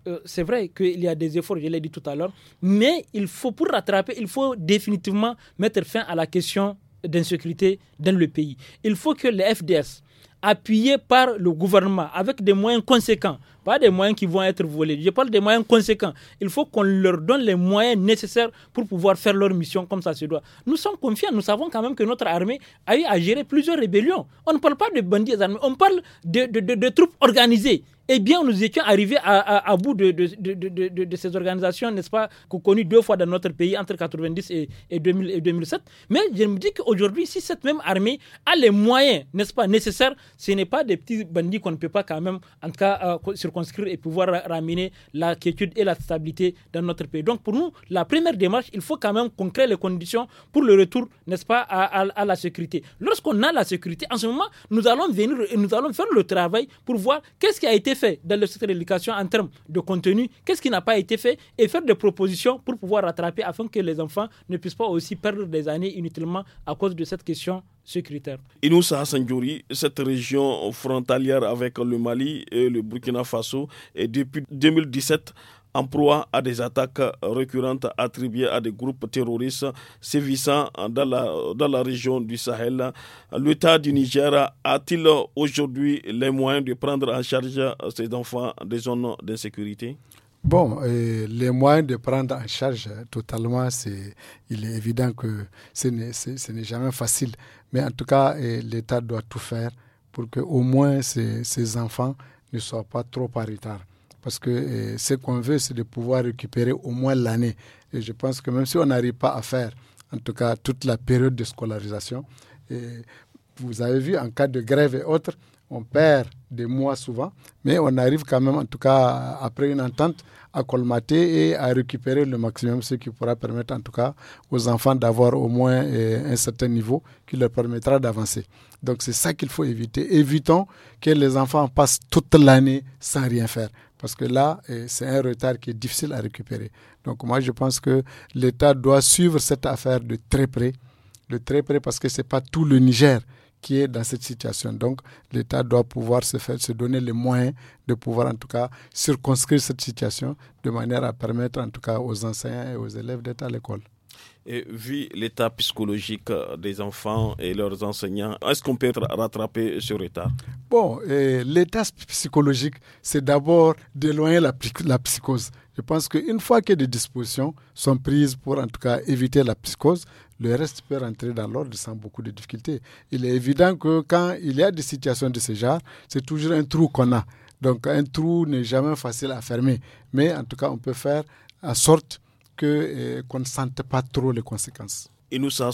euh, c'est vrai qu'il y a des efforts, je l'ai dit tout à l'heure, mais il faut, pour rattraper, il faut définitivement mettre fin à la question d'insécurité dans le pays. Il faut que les FDS, appuyés par le gouvernement avec des moyens conséquents, pas des moyens qui vont être volés. Je parle des moyens conséquents. Il faut qu'on leur donne les moyens nécessaires pour pouvoir faire leur mission comme ça se doit. Nous sommes confiants. Nous savons quand même que notre armée a eu à gérer plusieurs rébellions. On ne parle pas de bandits armés. On parle de, de, troupes organisées eh bien, nous étions arrivés à, à, bout de, de, ces organisations, n'est-ce pas, connues deux fois dans notre pays entre 1990 et, 2007. Mais je me dis qu'aujourd'hui, si cette même armée a les moyens, n'est-ce pas, nécessaires, ce n'est pas des petits bandits qu'on ne peut pas quand même, en tout cas, euh, sur et pouvoir ramener la quiétude et la stabilité dans notre pays. Donc pour nous, la première démarche, il faut quand même qu'on les conditions pour le retour, n'est-ce pas, à, la sécurité. Lorsqu'on a la sécurité, en ce moment, nous allons venir et nous allons faire le travail pour voir qu'est-ce qui a été fait dans le secteur de l'éducation en termes de contenu, qu'est-ce qui n'a pas été fait et faire des propositions pour pouvoir rattraper afin que les enfants ne puissent pas aussi perdre des années inutilement à cause de cette question Secrétaire. nous, Inoussa cette région frontalière avec le Mali et le Burkina Faso est depuis 2017 en proie à des attaques récurrentes attribuées à des groupes terroristes sévissant dans la, dans la région du Sahel. L'État du Niger a-t-il aujourd'hui les moyens de prendre en charge ces enfants des zones d'insécurité Bon, les moyens de prendre en charge totalement, c'est, il est évident que ce n'est, jamais facile. Mais en tout cas, l'État doit tout faire pour que au moins ces, ces, enfants ne soient pas trop en retard. Parce que ce qu'on veut, c'est de pouvoir récupérer au moins l'année. Et je pense que même si on n'arrive pas à faire, en tout cas, toute la période de scolarisation, et vous avez vu, en cas de grève et autres, on perd des mois souvent, mais on arrive quand même, en tout cas après une entente, à colmater et à récupérer le maximum, ce qui pourra permettre en tout cas aux enfants d'avoir au moins euh, un certain niveau qui leur permettra d'avancer. Donc c'est ça qu'il faut éviter. Évitons que les enfants passent toute l'année sans rien faire. Parce que là, euh, c'est un retard qui est difficile à récupérer. Donc moi, je pense que l'État doit suivre cette affaire de très près. De très près parce que ce n'est pas tout le Niger qui est dans cette situation. Donc, l'État doit pouvoir se, faire, se donner les moyens de pouvoir, en tout cas, circonscrire cette situation de manière à permettre, en tout cas, aux enseignants et aux élèves d'être à l'école. Et vu l'état psychologique euh, des enfants et leurs enseignants, est-ce qu'on peut être rattrapé ce retard Bon, l'état psychologique, c'est d'abord d'éloigner la, psychose. Je pense qu'une fois que des dispositions sont prises pour en tout cas éviter la psychose, le reste peut rentrer dans l'ordre sans beaucoup de difficultés. Il est évident que quand il y a des situations de ce genre, c'est toujours un trou qu'on a. Donc un trou n'est jamais facile à fermer. Mais en tout cas, on peut faire en sorte eh, qu'on ne sente pas trop les conséquences. Inoussa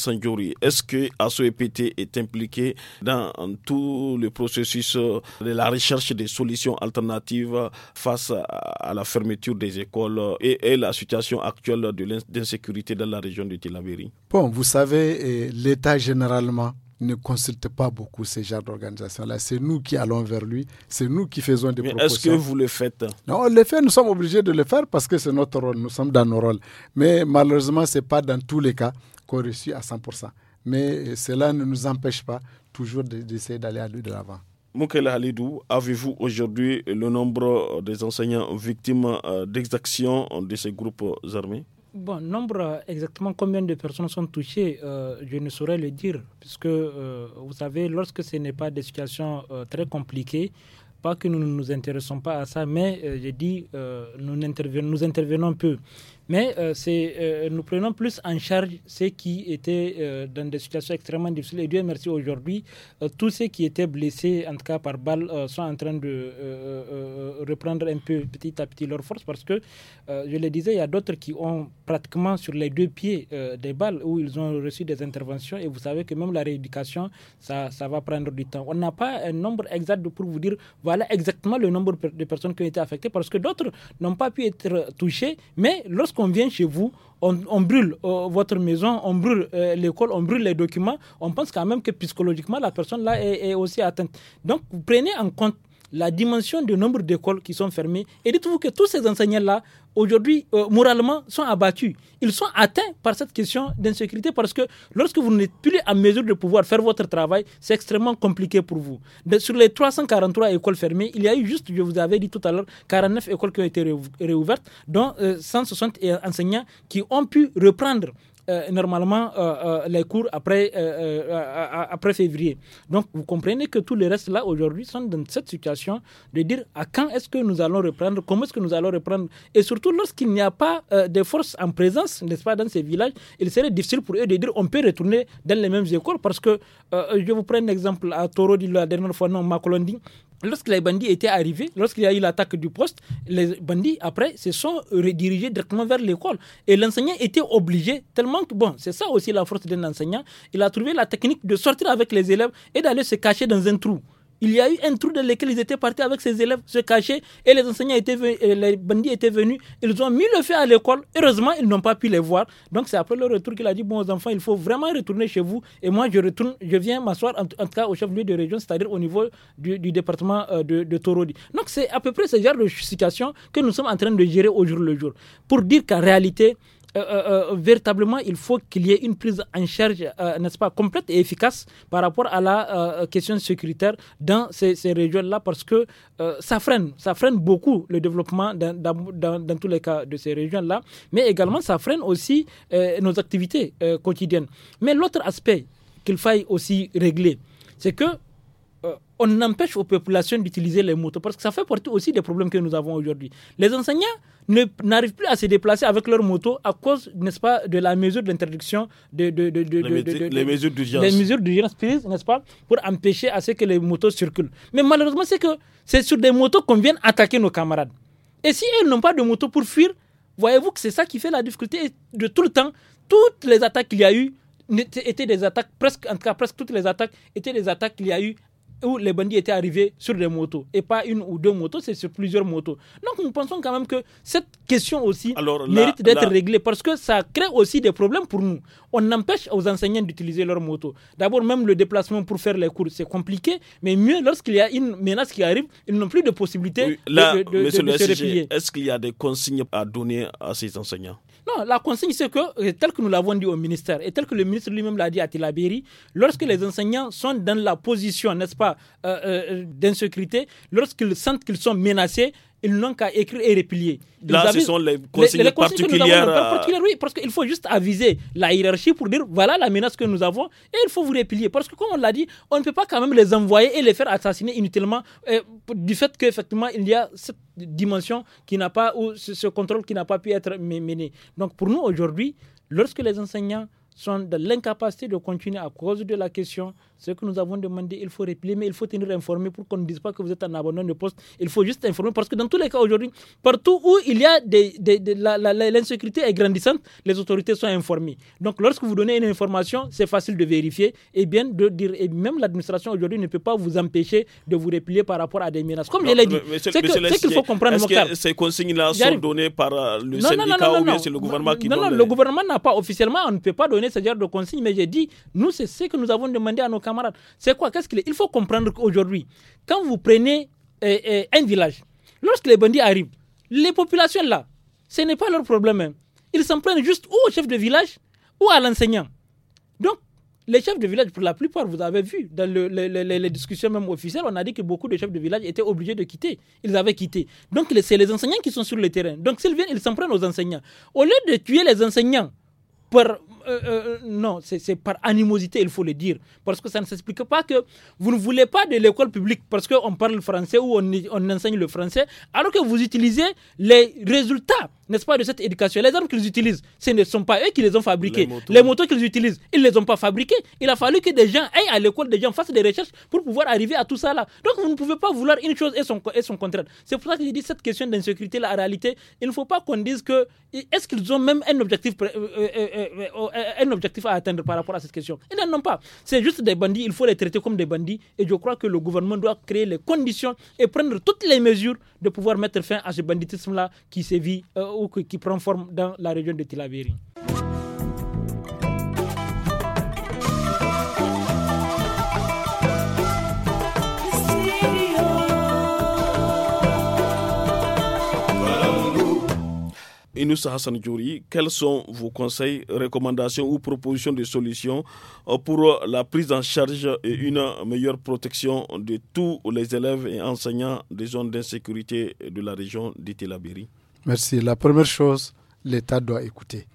est-ce que ASOEPT est impliqué dans tout le processus euh, de la recherche des solutions alternatives face à la fermeture des écoles euh, et, la situation actuelle de l'insécurité dans la région de Tilaberi Bon, vous savez, l'État généralement ne consulte pas beaucoup ces genres dorganisation là C'est nous qui allons vers lui, c'est nous qui faisons des Mais propositions. Est-ce que vous le faites Non, le fait, nous sommes obligés de le faire parce que c'est notre rôle, nous sommes dans nos rôles. Mais malheureusement, ce n'est pas dans tous les cas qu'on réussit à 100%. Mais euh, cela ne nous empêche pas toujours d'essayer d'aller à lui de l'avant. Moukela Halidou, avez-vous aujourd'hui le nombre des enseignants victimes euh, d'exactions de ces groupes armés Bon, nombre, exactement combien de personnes sont touchées, euh, je ne saurais le dire, puisque euh, vous savez, lorsque ce n'est pas des situations euh, très compliquées, pas que nous ne nous intéressons pas à ça, mais je dis, nous, intervenons, nous intervenons peu. Mais euh, euh, nous prenons plus en charge ceux qui étaient euh, dans des situations extrêmement difficiles. Et Dieu merci, aujourd'hui, tous ceux qui étaient blessés, en tout cas par balle, sont en train de reprendre un peu petit à petit leur force parce que, je le disais, il y a d'autres qui ont pratiquement sur les deux pieds des balles où ils ont reçu des interventions. Et vous savez que même la rééducation, ça, ça va prendre du temps. On n'a pas un nombre exact pour vous dire voilà exactement le nombre de personnes qui ont été affectées parce que d'autres n'ont pas pu être touchés Mais lorsqu'on vient chez vous, on, brûle euh, votre maison, on brûle euh, l'école, on brûle les documents, on pense quand même que psychologiquement, la personne là est, est aussi atteinte. Donc, vous prenez en compte la dimension du nombre d'écoles qui sont fermées. Et dites-vous que tous ces enseignants-là, aujourd'hui, euh, moralement, sont abattus. Ils sont atteints par cette question d'insécurité parce que lorsque vous n'êtes plus en mesure de pouvoir faire votre travail, c'est extrêmement compliqué pour vous. sur les 343 écoles fermées, il y a eu juste, je vous avais dit tout à l'heure, 49 écoles qui ont été réouvertes, dont 160 euh, enseignants qui ont pu reprendre euh, normalement euh, euh, les cours après, après février. Donc vous comprenez que tous les restes là aujourd'hui sont dans cette situation de dire à quand est-ce que nous allons reprendre, comment est-ce que nous allons reprendre. Et surtout lorsqu'il n'y a pas de forces en présence, n'est-ce pas, dans ces villages, il serait difficile pour eux de dire on peut retourner dans les mêmes écoles parce que je vous prends un exemple à Toro, la dernière fois, non, Makolondi, lorsque les bandits étaient arrivés, lorsqu'il y a eu l'attaque du poste, les bandits, après, se sont redirigés directement vers l'école. Et l'enseignant était obligé, tellement que, bon, c'est ça aussi la force d'un enseignant, il a trouvé la technique de sortir avec les élèves et d'aller se cacher dans un trou il y a eu un trou dans lequel ils étaient partis avec ses élèves se cacher et les enseignants étaient venus, euh, les bandits étaient venus. Ils ont mis le feu à l'école. Heureusement, ils n'ont pas pu les voir. Donc, c'est après le retour qu'il a dit Bon, enfants, il faut vraiment retourner chez vous. Et moi, je retourne, je viens m'asseoir, en, tout cas, au chef-lieu de région, c'est-à-dire au niveau du, département euh, de, de Torodi. Donc, c'est à peu près ce genre de situation que nous sommes en train de gérer au jour le jour. Pour dire qu'en réalité, euh, euh, euh, véritablement, il faut qu'il y ait une prise en charge, n'est-ce pas, complète et efficace par rapport à la question sécuritaire dans ces, régions-là, parce que ça freine, ça freine beaucoup le développement dans tous les cas de ces régions-là, mais également ça freine aussi nos activités quotidiennes. Mais l'autre aspect qu'il faille aussi régler, c'est que euh, on empêche aux populations d'utiliser les motos parce que ça fait partie aussi des problèmes que nous avons aujourd'hui. Les enseignants n'arrivent plus à se déplacer avec leurs motos à cause, n'est-ce pas, de la mesure d'interdiction de, de, de, les, mesures d'urgence. Les mesures prises, n'est-ce pas, pour empêcher à ce que les motos circulent. Mais malheureusement, c'est que c'est sur des motos qu'on vient attaquer nos camarades. Et si elles n'ont pas de moto pour fuir, voyez-vous que c'est ça qui fait la difficulté de tout le temps. Toutes les attaques qu'il y a eu étaient des attaques presque en tout cas presque toutes les attaques étaient des attaques qu'il y a eu où les bandits étaient arrivés sur des motos et pas une ou deux motos, c'est sur plusieurs motos. Donc nous pensons quand même que cette question aussi mérite d'être réglée parce que ça crée aussi des problèmes pour nous. On empêche aux enseignants d'utiliser leurs motos. D'abord, même le déplacement pour faire les cours, c'est compliqué, mais mieux lorsqu'il y a une menace qui arrive, ils n'ont plus de possibilité de, de, se Est-ce qu'il y a des consignes à donner à ces enseignants non, la consigne, c'est que, euh, tel que nous l'avons dit au ministère, et tel que le ministre lui-même l'a dit à Tilaberi, lorsque les enseignants sont dans la position, n'est-ce pas, euh, euh, d'insécurité, lorsqu'ils sentent qu'ils sont menacés, ils n'ont qu'à écrire et replier. Là, ce sont les consignes, les, parce qu'il faut juste aviser la hiérarchie pour dire voilà la menace que nous avons et il faut vous réplier Parce que, comme on l'a dit, on ne peut pas quand même les envoyer et les faire assassiner inutilement euh, du fait qu'effectivement, il y a cette dimension qui n'a pas, ou ce, ce contrôle qui n'a pas pu être mené. Donc, pour nous, aujourd'hui, lorsque les enseignants sont dans l'incapacité de continuer à cause de la question ce que nous avons demandé, il faut réplier, mais il faut tenir informé pour qu'on ne dise pas que vous êtes en abandon de poste. Il faut juste informer parce que dans tous les cas aujourd'hui, partout où il y a des, l'insécurité est grandissante, les autorités sont informées. Donc lorsque vous donnez une information, c'est facile de vérifier et bien de dire. Et même l'administration aujourd'hui ne peut pas vous empêcher de vous replier par rapport à des menaces. Comme je l'ai dit, c'est qu'il faut comprendre. Est-ce que ces consignes-là sont données par euh, le syndicat ou bien c'est le gouvernement qui donne Non, non, le gouvernement n'a pas officiellement, on ne peut pas donner ce genre de consignes, mais j'ai dit, nous, c'est ce que nous avons demandé à nos c'est quoi Qu'est-ce qu'il est Il faut comprendre qu'aujourd'hui, quand vous prenez euh, euh, un village, lorsque les bandits arrivent, les populations là, ce n'est pas leur problème. Hein. Ils s'en prennent juste au chef de village ou à l'enseignant. Donc, les chefs de village, pour la plupart, vous avez vu, dans les discussions même officielles, on a dit que beaucoup de chefs de village étaient obligés de quitter. Ils avaient quitté. Donc, c'est les enseignants qui sont sur le terrain. Donc, s'ils viennent, ils s'en prennent aux enseignants. Au lieu de tuer les enseignants, euh, euh, non, c'est par animosité, il faut le dire. Parce que ça ne s'explique pas que vous ne voulez pas de l'école publique parce qu'on parle le français ou on, enseigne le français, alors que vous utilisez les résultats n'est-ce pas, de cette éducation. Les armes qu'ils utilisent, ce ne sont pas eux qui les ont fabriquées. Les motos, qu'ils utilisent, ils ne les ont pas fabriquées. Il a fallu que des gens aillent à l'école, des gens fassent des recherches pour pouvoir arriver à tout ça là. Donc vous ne pouvez pas vouloir une chose et son, son contraire. C'est pour ça que je dis cette question d'insécurité la réalité, il ne faut pas qu'on dise que est-ce qu'ils ont même un objectif, euh, euh, euh, oh, un objectif à atteindre par rapport à cette question. Ils n'en ont pas. C'est juste des bandits, il faut les traiter comme des bandits. Et je crois que le gouvernement doit créer les conditions et prendre toutes les mesures de pouvoir mettre fin à ce banditisme là qui sévit qui prend forme dans la région de Tilaberi. Inus Hassan Djouri, quels sont vos conseils, recommandations ou propositions de solutions euh, pour euh, la prise en charge et une meilleure protection de tous les élèves et enseignants des zones d'insécurité de la région de d'Itilabéry Merci. La première chose, l'État doit écouter.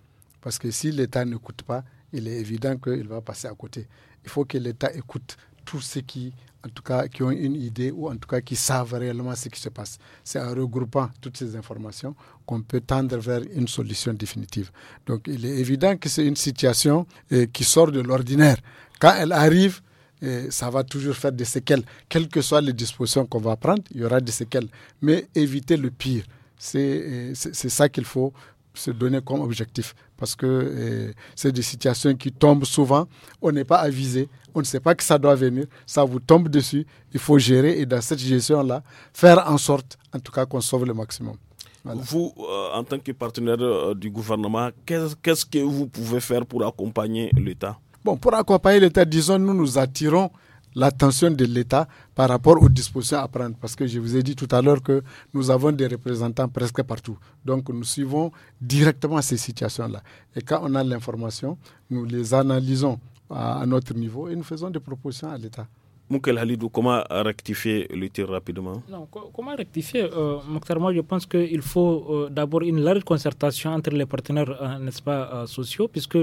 Parce que si l'État n'écoute pas, il est évident qu'il va passer à côté. Il faut que l'État écoute tous ceux qui, en tout cas, qui ont une idée ou en tout cas qui savent réellement ce qui se passe. C'est en regroupant toutes ces informations qu'on peut tendre vers une solution définitive. Donc il est évident que c'est une situation euh, qui sort de l'ordinaire. Quand elle arrive, euh, ça va toujours faire des séquelles. Quelles que soient les dispositions qu'on va prendre, il y aura des séquelles. Mais éviter le pire. Euh, c'est ça qu'il faut se donner comme objectif. Parce que euh, c'est des situations qui tombent souvent. On n'est pas avisé. On ne sait pas que ça doit venir. Ça vous tombe dessus. Il faut gérer. Et dans cette gestion-là, faire en sorte, en tout cas, qu'on sauve le maximum. Vous, euh, en tant que partenaire du gouvernement, qu'est-ce que vous pouvez faire pour accompagner l'État Bon, pour accompagner l'État, disons, nous nous attirons l'attention de l'État par rapport aux dispositions à prendre. Parce que je vous ai dit tout à l'heure que nous avons des représentants presque partout. Donc nous suivons directement ces situations-là. Et quand on a l'information, nous les analysons à, notre niveau et nous faisons des propositions à l'État. Moukel Halidou, comment rectifier le tir rapidement non, Comment rectifier euh, je pense qu'il faut euh, d'abord une large concertation entre les partenaires, euh, sociaux, puisque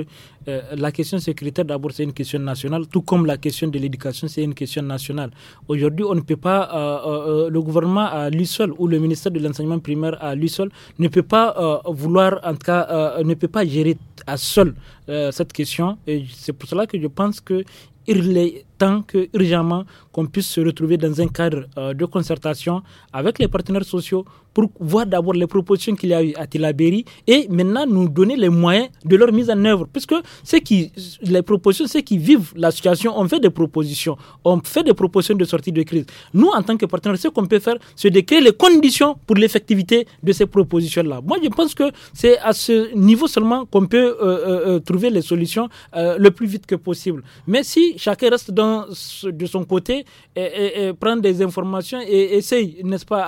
la question sécuritaire, d'abord, c'est une question nationale, tout comme la question de l'éducation, c'est une question nationale. Aujourd'hui, on ne peut pas, le gouvernement à lui seul, ou le ministère de l'enseignement primaire à lui seul, ne peut pas vouloir, en tout cas, ne peut pas gérer à seul cette question. Et c'est pour cela que je pense que est tant que urgemment qu'on puisse se retrouver dans un cadre euh, de concertation avec les partenaires sociaux pour voir d'abord les propositions qu'il y a eu à Tilaberi et maintenant nous donner les moyens de leur mise en œuvre. Puisque qui, les propositions, ceux qui vivent la situation, ont fait des propositions, on fait des propositions de sortie de crise. Nous, en tant que partenaires, ce qu'on peut faire, c'est de créer les conditions pour l'effectivité de ces propositions-là. Moi, je pense que c'est à ce niveau seulement qu'on peut euh, euh, trouver les solutions le plus vite que possible. Mais si chacun reste dans de son côté et, des informations et essaye, n'est-ce pas,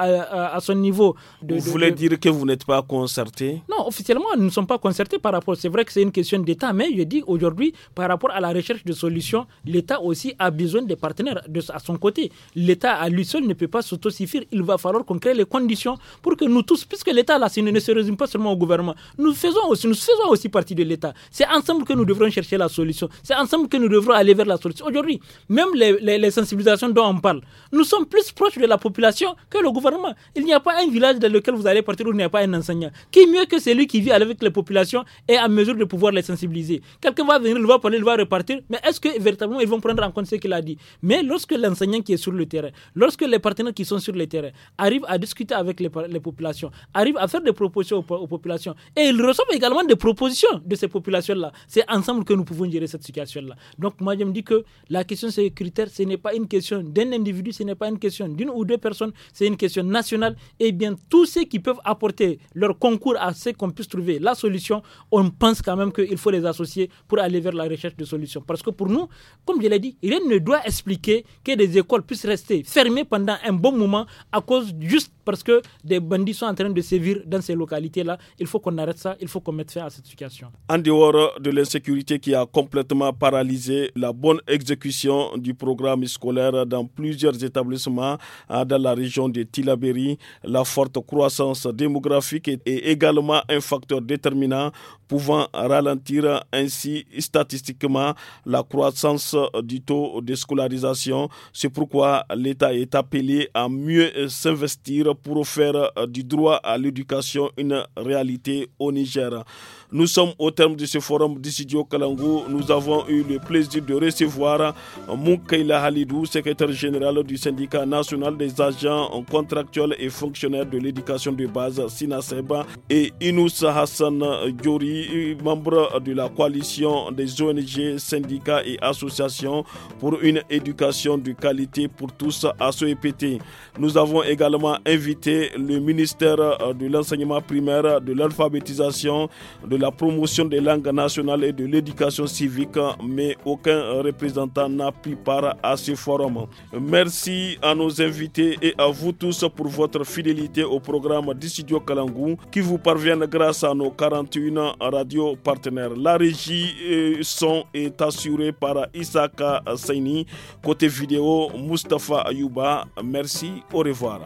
à, son niveau. vous voulez dire que vous n'êtes pas concerté Non, officiellement, nous ne sommes pas concertés par rapport. C'est vrai que c'est une question d'État, mais je dis aujourd'hui, par rapport à la recherche de solutions, l'État aussi a besoin des partenaires de, à son côté. L'État à lui seul ne peut pas s'autosuffire. Il va falloir qu'on crée les conditions pour que nous tous, puisque l'État là, ne se résume pas seulement au gouvernement, nous faisons aussi, nous faisons aussi partie de l'État. C'est ensemble que nous devrons chercher la solution. C'est ensemble que nous devrons aller vers la solution. Aujourd'hui, même les, sensibilisations dont on parle, nous sommes plus proches de la population que le gouvernement. Il n'y a pas un village dans lequel vous allez partir où il n'y a pas un enseignant. Qui mieux que celui qui vit avec les populations est à mesure de pouvoir les sensibiliser Quelqu'un va venir, le va parler, il va repartir, mais est-ce que véritablement ils vont prendre en compte ce qu'il a dit Mais lorsque l'enseignant qui est sur le terrain, lorsque les partenaires qui sont sur le terrain arrivent à discuter avec les, populations, arrivent à faire des propositions aux, aux populations, et ils reçoivent également des propositions de ces populations-là, c'est ensemble que nous pouvons gérer cette situation-là. Donc moi je me dis que la question question critères, ce n'est pas une question d'un individu, ce n'est pas une question d'une ou deux personnes, c'est une question nationale. Eh bien, tous ceux qui peuvent apporter leur concours à ce qu'on puisse trouver la solution, on pense quand même qu'il faut les associer pour aller vers la recherche de solutions. Parce que pour nous, comme je l'ai dit, il ne doit expliquer que des écoles puissent rester fermées pendant un bon moment à cause juste parce que des bandits sont en train de sévir dans ces localités-là. Il faut qu'on arrête ça, il faut qu'on mette fin à cette situation. En dehors de l'insécurité qui a complètement paralysé la bonne exécution du programme scolaire dans plusieurs établissements euh, dans la région de Tilaberi, la forte croissance démographique est également un facteur déterminant pouvant ralentir ainsi statistiquement la croissance du taux de scolarisation. C'est pourquoi l'État est appelé à mieux s'investir pour faire euh, du droit à l'éducation une réalité au Niger. Nous sommes au terme de ce forum d'Issidio Kalangou. Nous avons eu le plaisir de recevoir euh, Moukaila Halidou, secrétaire général du syndicat national des agents euh, contractuels et fonctionnaires de l'éducation de base Sinaseba et Inoussa Hassan Gyori, euh, membre de la coalition des ONG, syndicats et associations pour une éducation de qualité pour tous à SOEPT. Nous avons également invité le ministère de l'enseignement primaire, de l'alphabétisation, de la promotion des langues nationales et de l'éducation civique, mais aucun représentant n'a pris part à ce forum. Merci à nos invités et à vous tous pour votre fidélité au programme d'Issidio Kalangou qui vous parvient grâce à nos 41 radios partenaires. La régie et euh, son est assurée par Isaka Saini. Côté vidéo, Mustafa Ayuba. Merci, au revoir.